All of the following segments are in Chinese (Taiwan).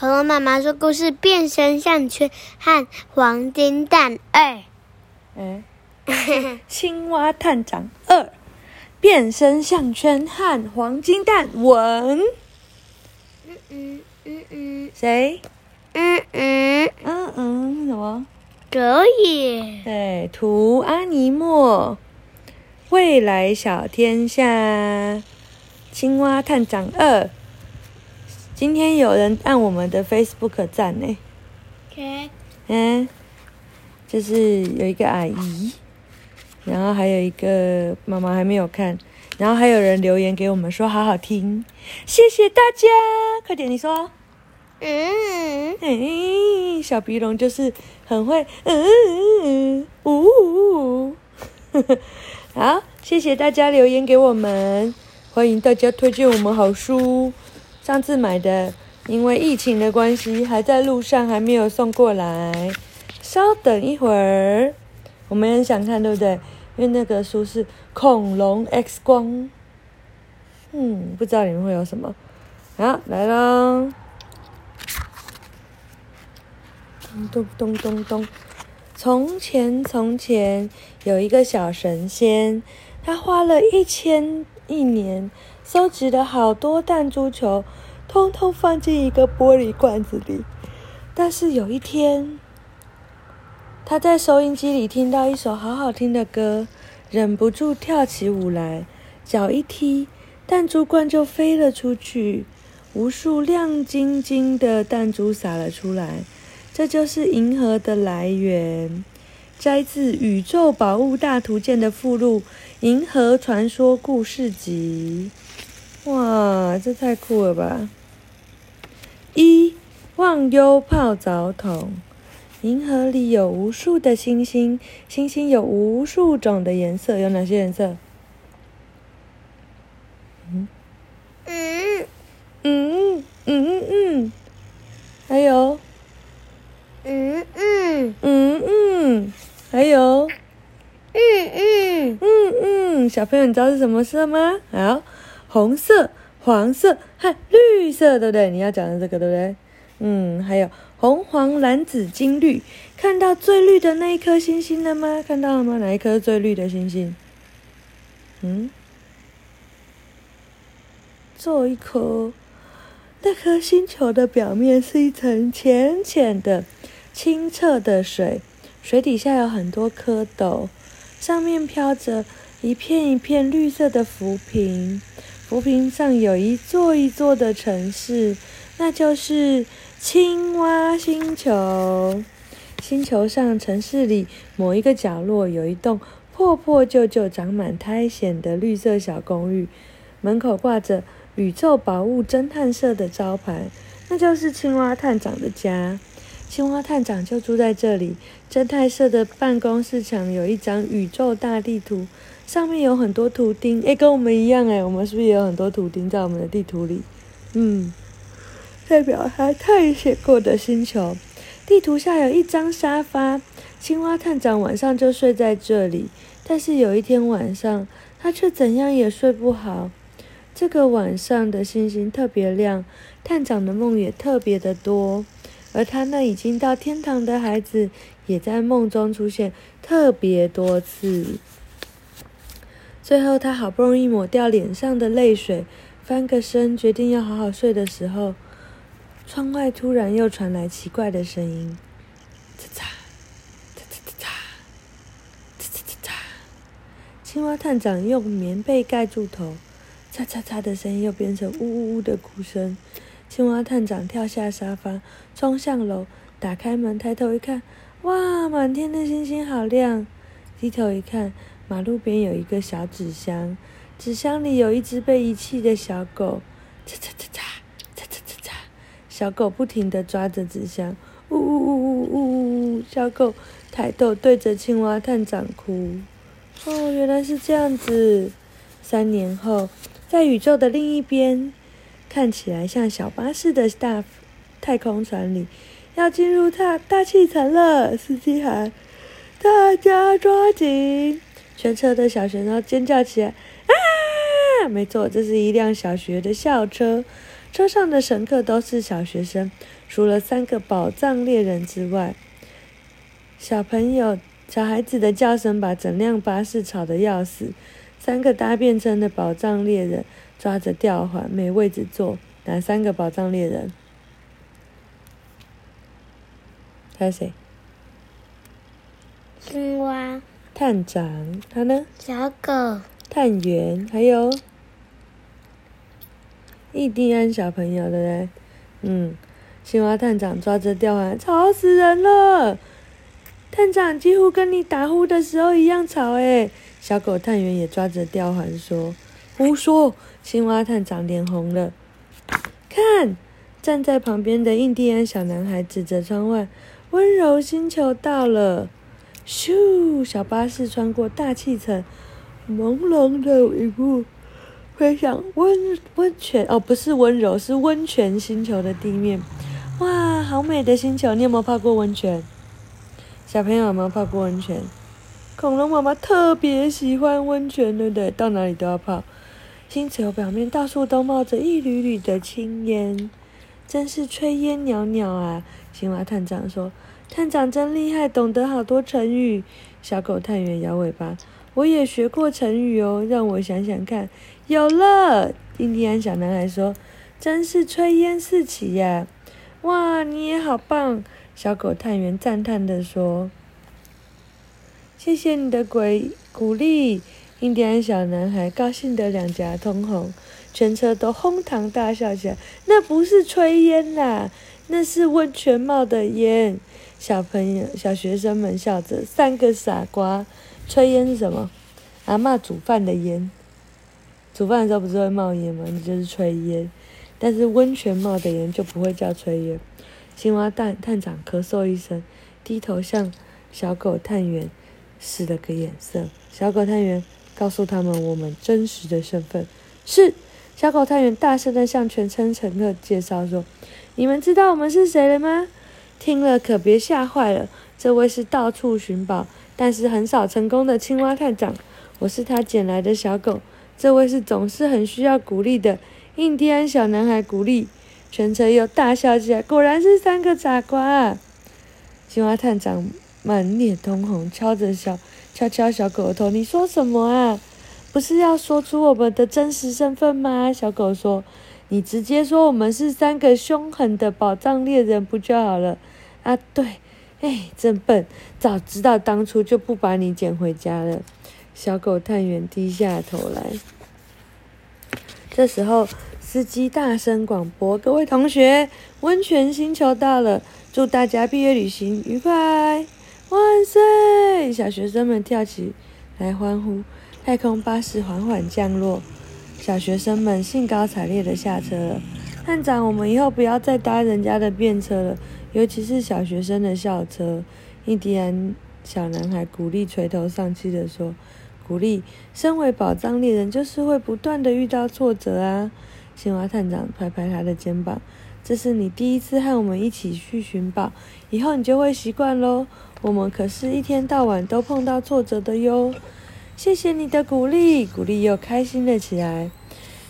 和我媽媽說故事：《變身項圈和黃金蛋二》欸，嗯、欸，青蛙探長二，欸《變身項圈和黃金蛋》文嗯嗯嗯嗯，嗯嗯嗯誰？嗯嗯嗯嗯，什、嗯嗯嗯、麼？狗也以。對，圖阿尼默，未來小天下，青蛙探長二。欸今天有人按我們的 Facebook 點讚呢，Okay. 嗯，就是有一個阿姨，然後還有一個媽媽還沒有看，然後還有人留言給我們說好好聽，謝謝大家！快點你說，嗯，嗯、欸，小鼻龍就是很會，嗯，嗯，嗯，嗚嗯嗯，哈、嗯、哈、嗯，嗯嗯 好，謝謝大家留言給我們，歡迎大家推薦我們好書。上次買的，因為疫情的關係，還在路上，還沒有送過來。稍等一會兒，我們也很想看，對不對？因為那個書是《恐龍 X 光》。嗯，不知道裡面會有什麼。啊，來啦！咚咚咚咚咚！從前，從前，有一個小神仙，他花了一千一年。收集了好多彈珠球，通通放進一個玻璃罐子裡。但是有一天，他在收音機裡聽到一首好好聽的歌，忍不住跳起舞來，腳一踢，彈珠罐就飛了出去，無數亮晶晶的彈珠灑了出來。這就是銀河的來源。摘自《宇宙寶物大圖鑑》的附錄。銀河傳說故事集，哇，這太酷了吧！一、忘憂泡澡桶，銀河裡有無數的星星，星星有無數種的顏色，有哪些顏色？嗯嗯嗯嗯嗯，還有嗯嗯嗯嗯，還有。嗯嗯嗯嗯，小朋友，你知道是什麼色嗎？好，紅色、黃色和綠色，對不對？你要講的這個，對不對？嗯，還有紅黃藍紫金綠，看到最綠的那一顆星星了嗎？看到了嗎？哪一顆最綠的星星？嗯，做一顆，那顆星球的表面是一層淺淺的、清澈的水，水底下有很多蝌蚪。上面飄着一片一片綠色的浮萍，浮萍上有一座一座的城市，那就是青蛙星球。星球上城市裡某一個角落有一棟破破舊舊、長滿苔蘚的綠色小公寓，門口掛着“宇宙寶物偵探社”的招牌，那就是青蛙探長的家。青蛙探長就住在這裡。偵探社的辦公室牆有一張宇宙大地圖，上面有很多圖釘。誒，跟我們一樣哎，我們是不是也有很多圖釘在我們的地圖裡？嗯，代表他探險過的星球。地圖下有一張沙發，青蛙探長晚上就睡在這裡。但是有一天晚上，他卻怎樣也睡不好。這個晚上的星星特別亮，探長的夢也特別的多。而他那已經到天堂的孩子，也在夢中出現特別多次。最後，他好不容易抹掉臉上的淚水，翻個身，決定要好好睡的時候，窗外突然又傳來奇怪的聲音：嚓嚓，嚓嚓嚓嚓，嚓嚓嚓嚓。青蛙探長用棉被蓋住頭，嚓嚓嚓的聲音又變成嗚嗚嗚的哭聲。青蛙探長跳下沙發，衝上樓，打開門，抬頭一看，哇，滿天的星星好亮！低頭一看，馬路邊有一個小紙箱，紙箱裡有一隻被遺棄的小狗。嚓嚓嚓嚓嚓嚓嚓嚓，小狗不停地抓着紙箱。嗚嗚嗚嗚嗚嗚嗚！小狗抬頭對着青蛙探長哭。哦，原來是這樣子。三年後，在宇宙的另一邊。看起來像小巴士的大太空船裡，要進入大大氣層了，司機喊：“大家抓緊！”全車的小學生尖叫起來：“啊！”沒錯，這是一輛小學的校車，車上的乘客都是小學生，除了三個寶藏獵人之外，小朋友、小孩子的叫聲把整輛巴士吵得要死。三個搭便車的寶藏獵人。抓着吊環，沒位置坐，哪三個寶藏獵人？他是誰？青蛙娃探長，他呢？小狗探員，還有印第安小朋友，對不對？嗯，青蛙探長抓着吊環，吵死人了！探長幾乎跟你打呼的時候一樣吵，誒。小狗探員也抓着吊環說。胡說！青蛙探長臉紅了。看，站在旁邊的印第安小男孩指着窗外，溫柔星球到了。咻！小巴士穿過大氣層，朦朧的雨幕，飛向溫溫泉哦，不是溫柔，是溫泉星球的地面。哇，好美的星球！你有沒有泡過溫泉？小朋友有沒有泡過溫泉，恐龍媽媽特別喜歡溫泉，對不對？到哪裡都要泡。星球表面到處都冒着一縷縷的青煙，真是炊煙裊裊啊！青蛙探長說：“探長真厲害，懂得好多成語。”小狗探員搖尾巴：“我也學過成語哦，讓我想想看，有了！”印第安小男孩說：“真是炊煙四起呀、啊！”哇，你也好棒！小狗探員讚嘆地說：“謝謝你的鬼鼓勵。”印第安小男孩高興得兩頰通紅，全車都哄堂大笑起來。那不是炊煙吶、啊，那是溫泉冒的煙。小朋友、小學生們笑着：“三個傻瓜，炊煙是什麼？阿嬤煮飯的煙，煮飯的時候不是會冒煙嗎？那就是炊煙。但是溫泉冒的煙就不會叫炊煙。”青蛙探探長咳嗽一聲，低頭向小狗探員使了個眼色，小狗探員。告訴他們我們真實的身份。是，小狗探員大聲地向全村乘客介紹說：“你們知道我們是誰了嗎？”聽了可別嚇壞了。這位是到處尋寶，但是很少成功的青蛙探長。我是他撿來的小狗。這位是總是很需要鼓勵的印第安小男孩古力。全車又大笑起來。果然是三個傻瓜啊！青蛙探長滿臉通紅，敲着笑。敲敲小狗頭，你說什麼啊？不是要說出我們的真實身份嗎？小狗說：“你直接說我們是三個兇狠的寶藏獵人不就好了？”啊，對，哎、欸，真笨，早知道當初就不把你撿回家了。小狗探員低下頭來。這時候，司機大聲廣播：“各位同學，溫泉星球到了，祝大家畢業旅行愉快。”萬歲！小學生們跳起來歡呼，太空巴士緩緩降落，小學生們興高采烈地下車了。探長，我們以後不要再搭人家的便車了，尤其是小學生的校車。印第安小男孩古力，垂頭喪氣地說：“古力，身為寶藏獵人，就是會不斷地遇到挫折啊。”青蛙探長拍拍他的肩膀。這是你第一次和我們一起去尋寶，以後你就會習慣咯我們可是一天到晚都碰到挫折的喲。謝謝你的鼓勵，鼓勵又開心了起來。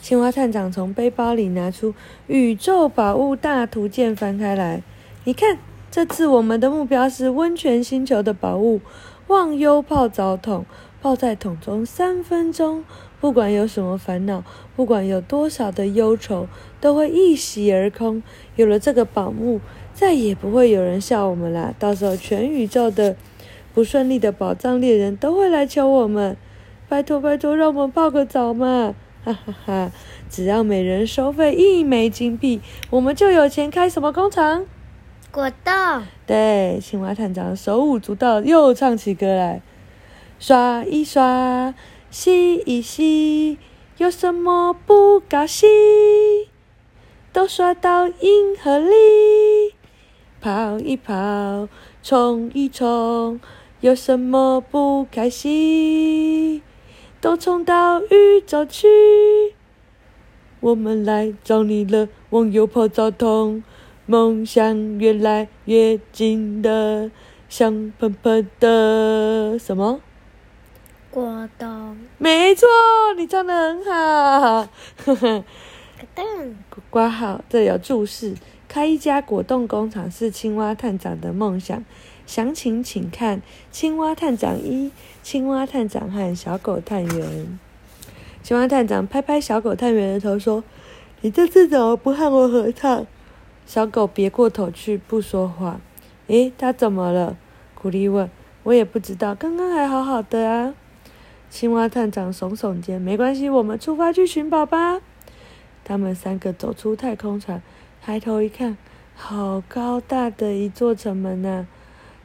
青蛙探長從背包裡拿出《宇宙寶物大圖鑑》，翻開來，你看，這次我們的目標是溫泉星球的寶物——忘憂泡澡桶。泡在桶中三分鐘，不管有什麼煩惱，不管有多少的憂愁，都會一洗而空。有了這個寶物，再也不會有人笑我們啦。到時候，全宇宙的不順利的寶藏獵人都會來求我們，拜托拜托，讓我們泡個澡嘛！哈，哈哈哈！只要每人收費一枚金幣，我們就有錢開什麼工廠？果凍到對，青蛙探長手舞足蹈，又唱起歌來：刷一刷，吸一吸，有什麼不高興？都刷到銀河裡，跑一跑，沖一沖，有什麼不開心？都沖到宇宙去，我們來找你了，忘憂泡澡桶，夢想越來越近了，香噴噴的什麼？果凍東。沒錯，你唱得很好，呵呵。嗯，括號，這有註釋。開一家果凍工廠是青蛙探長的夢想，詳情請看《青蛙探長一》。青蛙探長和小狗探員，青蛙探長拍拍小狗探員的頭說：“你這次怎麼不和我合唱？”小狗別過頭去不說話。誒，它怎麼了？古力問。我也不知道，剛剛還好好的啊。青蛙探長聳聳肩：“沒關係，我們出發去尋寶吧。”他們三個走出太空船，抬頭一看，好高大的一座城門啊！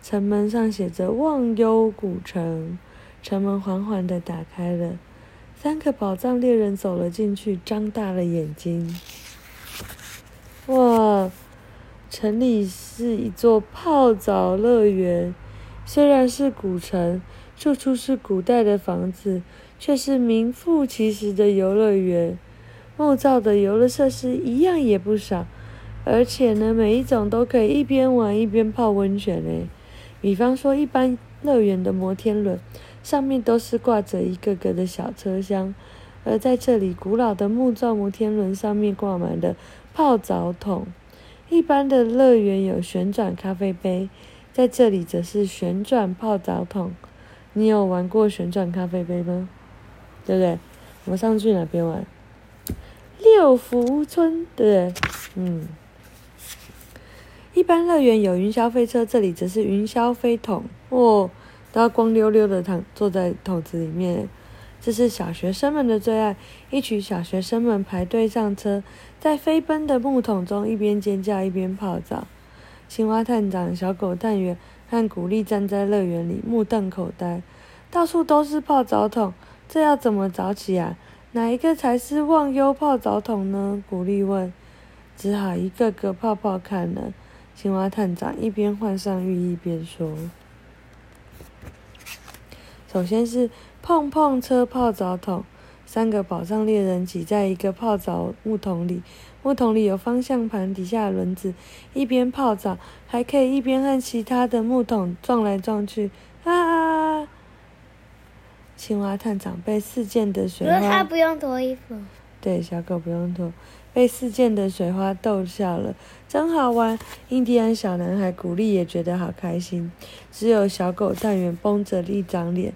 城門上寫着“忘憂古城”，城門緩緩的打開了，三個寶藏獵人走了進去，張大了眼睛。哇！城裡是一座泡澡樂園，雖然是古城，處處是古代的房子，卻是名副其實的遊樂園。木造的遊樂設施一樣也不少，而且呢，每一種都可以一邊玩一邊泡溫泉誒，比方說，一般樂園的摩天輪上面都是掛着一個個的小車廂，而在這裡，古老的木造摩天輪上面掛滿的泡澡桶。一般的樂園有旋轉咖啡杯，在這裡則是旋轉泡澡桶。你有玩過旋轉咖啡杯嗎？對不對？我上去那邊玩。六福村對，嗯，一般樂園有雲霄飛車，這裡則是雲霄飛桶哦，都要光溜溜的躺坐在桶子裡面，這是小學生們們的最愛。一群小學生們排隊上車，在飛奔的木桶中一邊尖叫一邊泡澡。青蛙探長、小狗探員和古力站在樂園裡目瞪口呆，到處都是泡澡桶，這要怎麼找起啊？哪一個才是忘憂泡澡桶呢？古力問。只好一個個泡泡看了。青蛙探長一邊換上浴衣，一邊說：“首先是碰碰車泡澡桶。三個寶藏獵人擠在一個泡澡木桶裡，木桶裡有方向盤、底下的輪子，一邊泡澡，還可以一邊和其他的木桶撞來撞去。”啊！青蛙探長被四濺的水花，可是他不用脫衣服。對，小狗不用脫，被四濺的水花逗笑了，真好玩。印第安小男孩古力也覺得好開心，只有小狗探員繃着一張臉，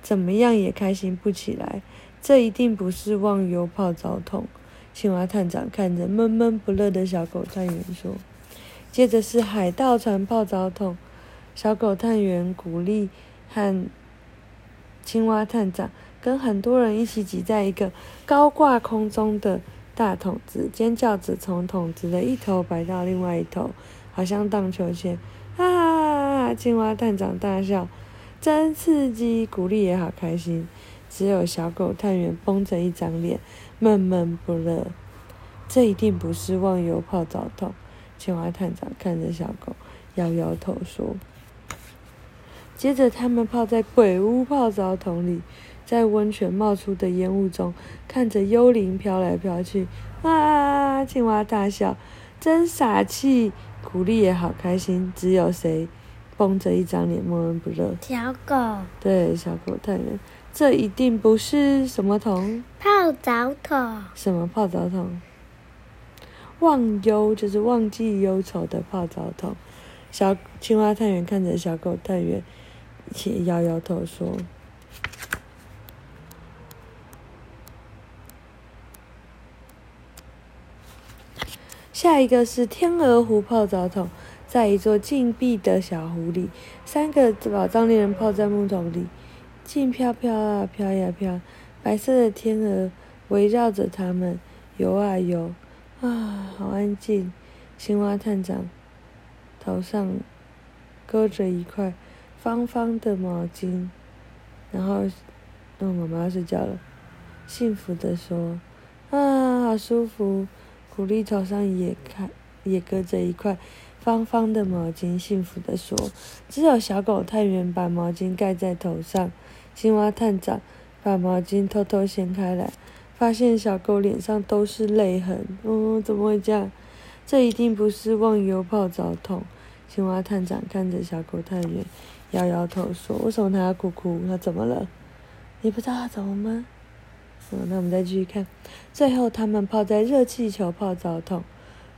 怎麼樣也開心不起來。這一定不是忘憂泡澡桶。青蛙探長看着悶悶不樂的小狗探員說：“接着是海盜船泡澡桶。”小狗探員古力和……青蛙探長跟很多人一起擠在一個高掛空中的大桶子，尖叫着從桶子的一頭擺到另外一頭，好像盪秋千。啊！青蛙探長大笑，真刺激！古力也好開心，只有小狗探員繃着一張臉，悶悶不樂。這一定不是忘憂泡澡桶。青蛙探長看着小狗，搖搖頭說。接着，他們泡在鬼屋泡澡桶裡，在溫泉冒出的煙霧中，看着幽靈飄來飄去。啊！青蛙大笑，真傻氣。狐狸也好開心，只有誰，繃着一張臉，悶悶不樂？小狗。對，小狗探員，這一定不是什麼桶。泡澡桶。什麼泡澡桶？忘憂就是忘記憂愁的泡澡桶。小青蛙探員看着小狗探員。起搖搖頭說：“下一個是天鵝湖泡澡桶，在一座禁閉的小湖裡，三個寶藏獵人泡在木桶裡，靜飄飄啊飄呀飄，白色的天鵝圍繞着他們游啊游啊，好安靜。”青蛙探長頭上擱着一塊。方方的毛巾，然後，嗯、哦，媽媽要睡覺了，幸福地說：“啊，好舒服。”狐狸頭上也開，也擱着一塊方方的毛巾，幸福地說：“只有小狗太遠把毛巾蓋在頭上。”青蛙探長把毛巾偷偷偷掀開來，發現小狗臉上都是淚痕。哦，怎麼會這樣？這一定不是忘憂泡澡桶。青蛙探長看着小狗探員，搖搖頭說：“為什麼他要哭哭？他怎麼了？你不知道他怎麼嗎？”嗯、哦，那我們再繼續看。最後，他們泡在熱氣球泡澡桶，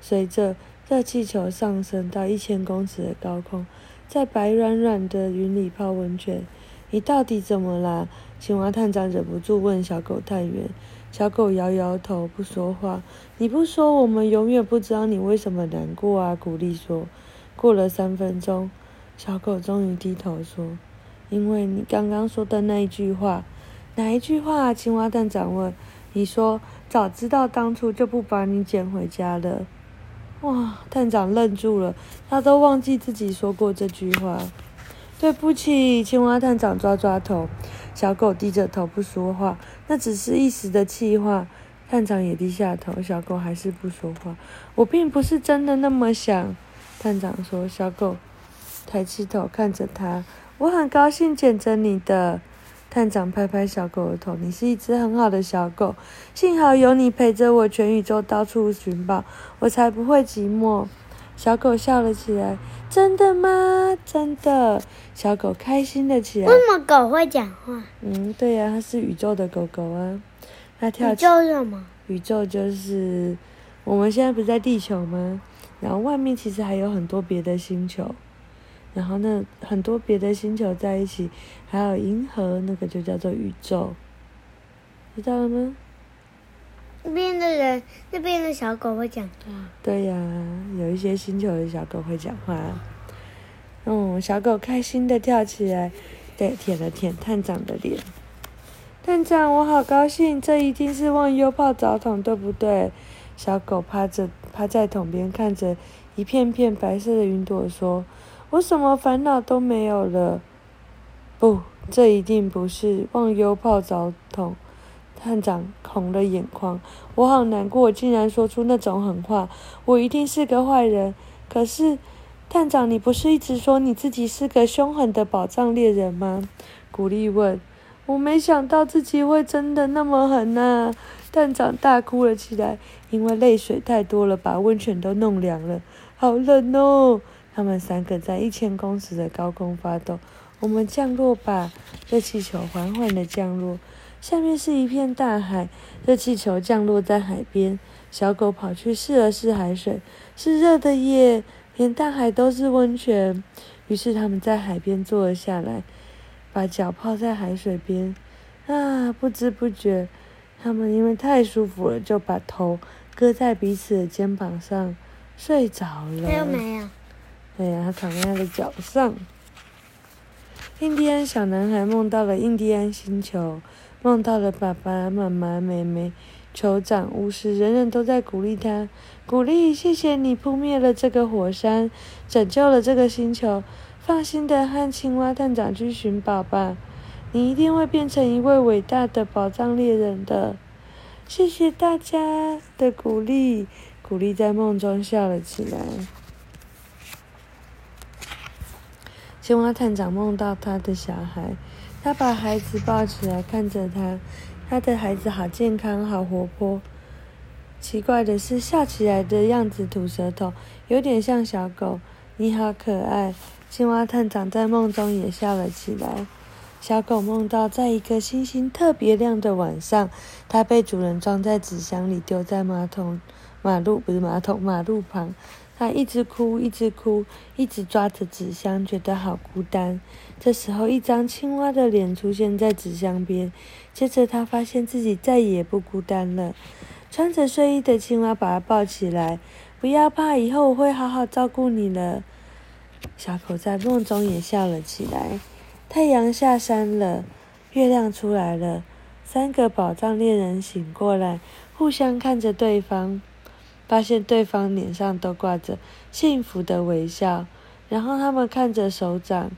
隨着熱氣球上升到一千公尺的高空，在白軟軟的雲裡泡溫泉。你到底怎麼啦？青蛙探長忍不住問小狗探員。小狗搖搖頭，不說話。你不說，我們永遠不知道你為什麼難過啊！鼓勵說。過了三分鐘，小狗終於低頭說：“因為你剛剛說的那一句話，哪一句話啊？”青蛙探長問。“你說早知道當初就不把你撿回家了。”哇！探長愣住了，他都忘記自己說過這句話。對不起，青蛙探長抓抓頭。小狗低着頭不說話。那只是一時的氣話。探長也低下頭。小狗還是不說話。我並不是真的那麼想。探長說：“小狗，抬起頭看着他。我很高興撿着你的。”探長拍拍小狗的頭：“你是一只很好的小狗，幸好有你陪着我，全宇宙到處尋寶，我才不會寂寞。”小狗笑了起來：“真的嗎？真的！”小狗開心了起來：“為什麼狗會講話？”“嗯，對呀、啊，它是宇宙的狗狗啊。它跳起”“那宇宙是什麼？”“宇宙就是……我們現在不是在地球嗎？”然後外面其實還有很多別的星球，然後呢，很多別的星球在一起，還有銀河，那個就叫做宇宙，知道了嗎？那邊的人，那邊的小狗會講話？嗯。對呀、啊，有一些星球的小狗會講話。嗯，小狗開心的跳起來，對，舔了舔探長的臉。探長，我好高興，這一定是忘憂泡澡桶，對不對？小狗趴着。趴在桶邊看着一片片白色的雲朵，說：“我什麼煩惱都沒有了。”不，這一定不是忘憂泡澡桶。探長紅了眼眶，我好難過，竟然說出那種狠話。我一定是個壞人。可是，探長，你不是一直說你自己是個凶狠的寶藏獵人嗎？古力問。我沒想到自己會真的那麼狠啊。探長大哭了起來，因為淚水太多了，把溫泉都弄涼了，好冷哦！他們三個在一千公尺的高空發抖。我們降落吧。熱氣球緩緩地降落，下面是一片大海。熱氣球降落在海邊，小狗跑去試了試海水，是熱的耶！連大海都是溫泉。於是他們在海邊坐了下來，把腳泡在海水邊。啊，不知不覺。他們因為太舒服了，就把頭擱在彼此的肩膀上睡着了。沒有沒有？對、哎、呀，他躺在了腳上。印第安小男孩夢到了印第安星球，夢到了爸爸媽媽、妹妹、酋長、巫師，人人都在鼓勵他，鼓勵。謝謝你撲滅了這個火山，拯救了這個星球。放心的和青蛙探長去尋寶吧。你一定會變成一位偉大的寶藏獵人的。謝謝大家的鼓勵，鼓勵在夢中笑了起來。青蛙探長夢到他的小孩，他把孩子抱起來看着他，他的孩子好健康，好活潑。奇怪的是，笑起來的樣子吐舌頭，有點像小狗。你好可愛，青蛙探長在夢中也笑了起來。小狗夢到，在一個星星特別亮的晚上，它被主人裝在紙箱裡，丟在馬桶，馬路，不是馬桶，馬路旁。它一直哭，一直哭，一直抓着紙箱，覺得好孤單。這時候，一張青蛙的臉出現在紙箱邊，接着它發現自己再也不孤單了。穿着睡衣的青蛙把它抱起來，不要怕，以後我會好好照顧你了。小狗在夢中也笑了起來。太陽下山了，月亮出來了，三個寶藏獵人醒過來，互相看着對方，發現對方臉上都掛着幸福的微笑。然後他們看着手掌，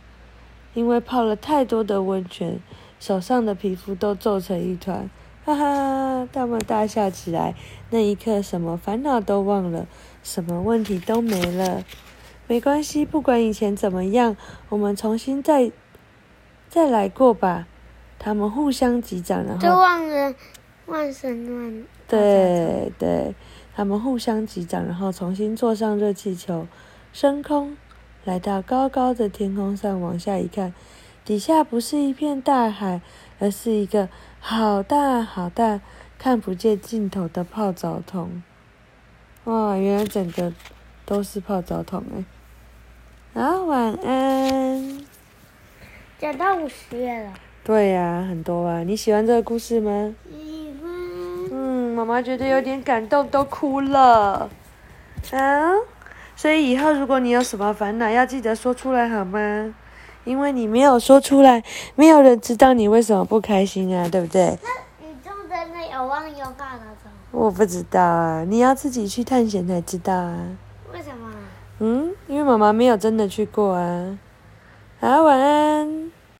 因為泡了太多的溫泉，手上的皮膚都皺成一團。哈哈，他們大笑起來。那一刻，什麼煩惱都忘了，什麼問題都沒了。沒關係，不管以前怎麼樣，我們重新再。再來過吧，他們互相擊掌，然後就忘了忘神亂。對對，他們互相擊掌，然後重新坐上熱氣球，升空，來到高高的天空上，往下一看，底下不是一片大海，而是一個好大好大、好大看不見盡頭的泡澡桶。哇，原來整個都是泡澡桶哎！好，晚安。講到五十頁了，對呀，啊，很多啊。你喜歡這個故事嗎？嗯，媽媽覺得有點感動，都哭了。嗯，啊，所以以後如果你有什麼煩惱，要記得說出來好嗎？因為你沒有說出來，沒有人知道你為什麼不開心啊，對不對？你真的有忘憂草嗎？我不知道啊，你要自己去探險才知道啊。為什麼？嗯，因為媽媽沒有真的去過啊。好，啊，晚安。